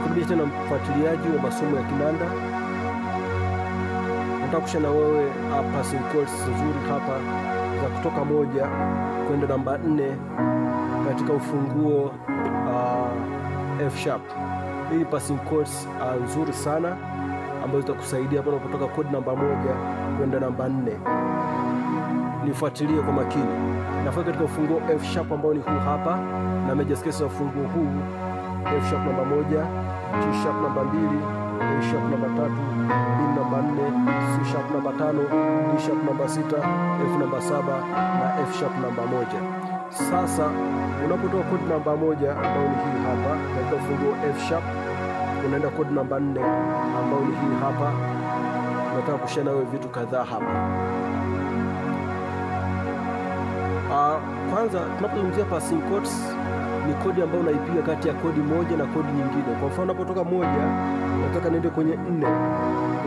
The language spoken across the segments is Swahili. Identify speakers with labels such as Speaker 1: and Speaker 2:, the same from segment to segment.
Speaker 1: Nikukaribisha tena mfuatiliaji wa masomo ya kinanda. Nataka na wewe passing nzuri hapa za kutoka moja kwenda namba nne katika ufunguo uh, F sharp. Hii passing chords uh, ah, nzuri sana ambazo zitakusaidia hapo kutoka kodi namba moja kwenda namba nne. Nifuatilie kwa makini. Nafanya katika ufunguo F sharp ambao ni huu hapa na major scales ya ufunguo huu F sharp namba moja, G sharp namba mbili, A sharp namba tatu, B namba nne, C sharp namba tano, D sharp namba sita, F namba saba na F sharp namba moja. Sasa unapotoa kodi namba moja ambayo ni hii hapa, naita ufunguo F sharp, unaenda kodi namba nne ambayo ni hii hapa. Nataka kushare nawe vitu kadhaa hapa. Uh, kwanza tunapozungumzia passing chords ni kodi ambayo unaipiga kati ya kodi moja na kodi nyingine. Kwa mfano, unapotoka moja nataka niende kwenye nne,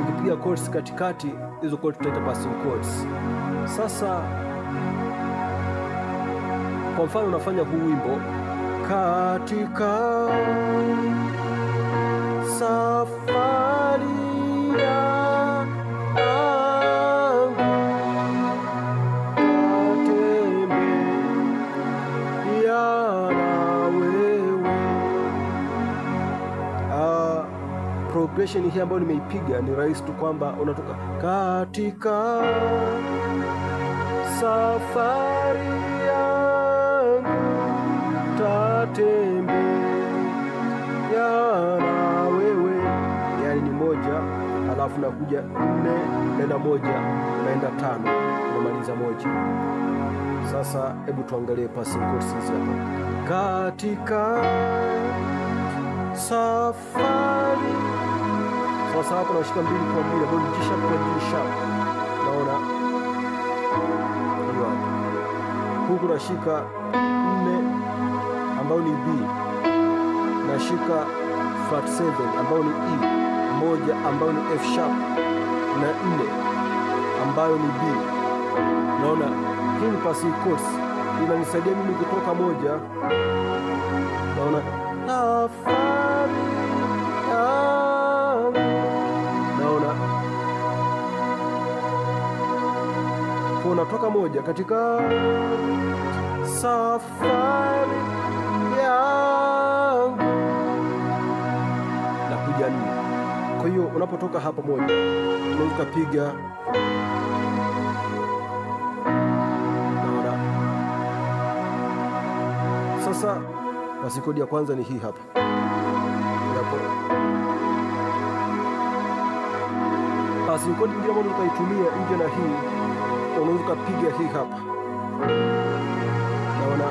Speaker 1: ukipiga chords katikati, hizo kodi tutaita passing chords. Sasa kwa mfano, unafanya huu wimbo katika safari vibration hii ambayo nimeipiga ni rahisi tu kwamba unatoka katika safari yangu na wewe, yani ni moja, alafu nakuja nne, naenda moja, naenda tano, namaliza moja. Sasa hebu tuangalie passing chords hapa katika safari sasa hapo nashika mbili kwa mbili ambayo ni G sharp kwa G sharp, naona hiyo hapo. Huku nashika nne ambayo ni B, nashika flat 7 ambayo ni E, moja ambayo ni F sharp na nne ambayo ni B. Naona hii ni passing chords inanisaidia mimi kutoka moja tunatoka moja katika safari yangu na kuja nne. Kwa hiyo unapotoka hapa moja, unaweza ukapiga Sasa basi, kodi ya kwanza ni hii hapa yapo basi kodi nyingine ambayo tutaitumia nje na hii unaweza ukapiga hii hapa, naona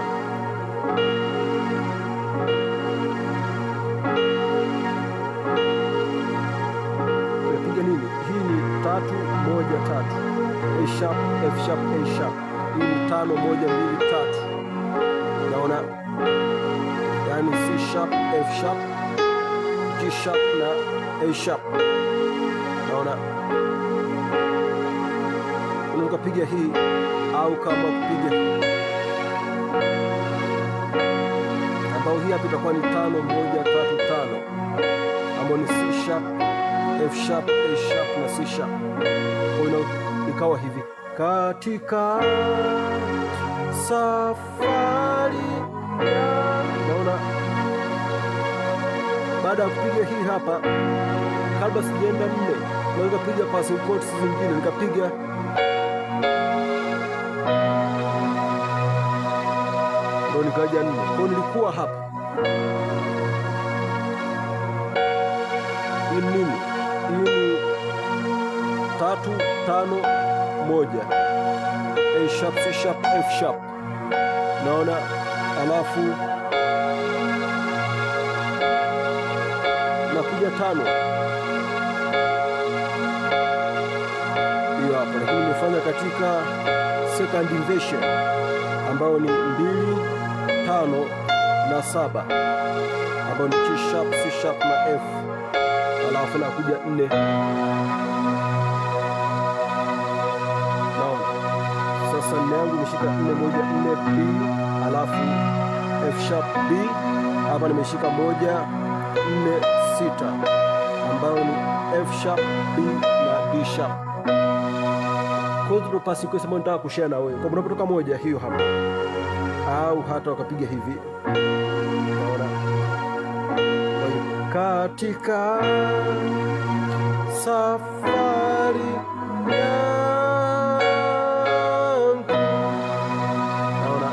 Speaker 1: unapiga nini? Hii ni tatu moja tatu, A sharp F sharp A sharp. Hii ni tano moja mbili tatu, naona yani C sharp F sharp G sharp na A sharp, naona ukapiga hii au kama kupiga ambao hii hapa itakuwa ni tano moja tatu tano, ambao ni C sharp, F sharp, A sharp na C sharp. Kwa hiyo ikawa hivi katika safari naona, baada ya kupiga hii hapa, kabla sijaenda nne, naweza piga passing chords zingine nikapiga ndio nikaja nne. Kwa nilikuwa hapa inini ini tatu tano moja A sharp C sharp F sharp naona, alafu nakuja tano hiyo hapo, lakini nimefanya katika second inversion ambayo ni mbili tano na saba ambayo ni G sharp, C sharp na F, alafu nakuja nne naona. Sasa nne yangu imeshika nne moja nne B, alafu F sharp B, hapa nimeshika moja nne sita ambayo ni F sharp B na D sharp kozi ndo pasi kwa sababu nitaka kushare na wewe kwa sababu unapotoka moja hiyo hapa au hata wakapiga hivi katika safari yangu, naona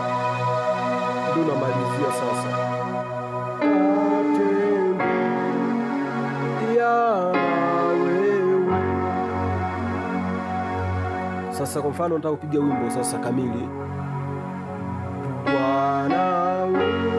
Speaker 1: sasa Sasa kwa mfano nataka kupiga wimbo sasa kamili. on our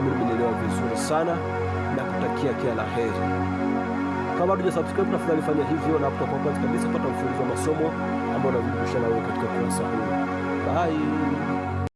Speaker 1: naamini umenielewa vizuri sana na kutakia kila la heri. Kama bado hujasubscribe, tafadhali fanya hivyo, na hapo utakuwa kwanza kabisa pata mfululizo wa masomo ambayo unazungusha wewe katika kurasa huu. Bye.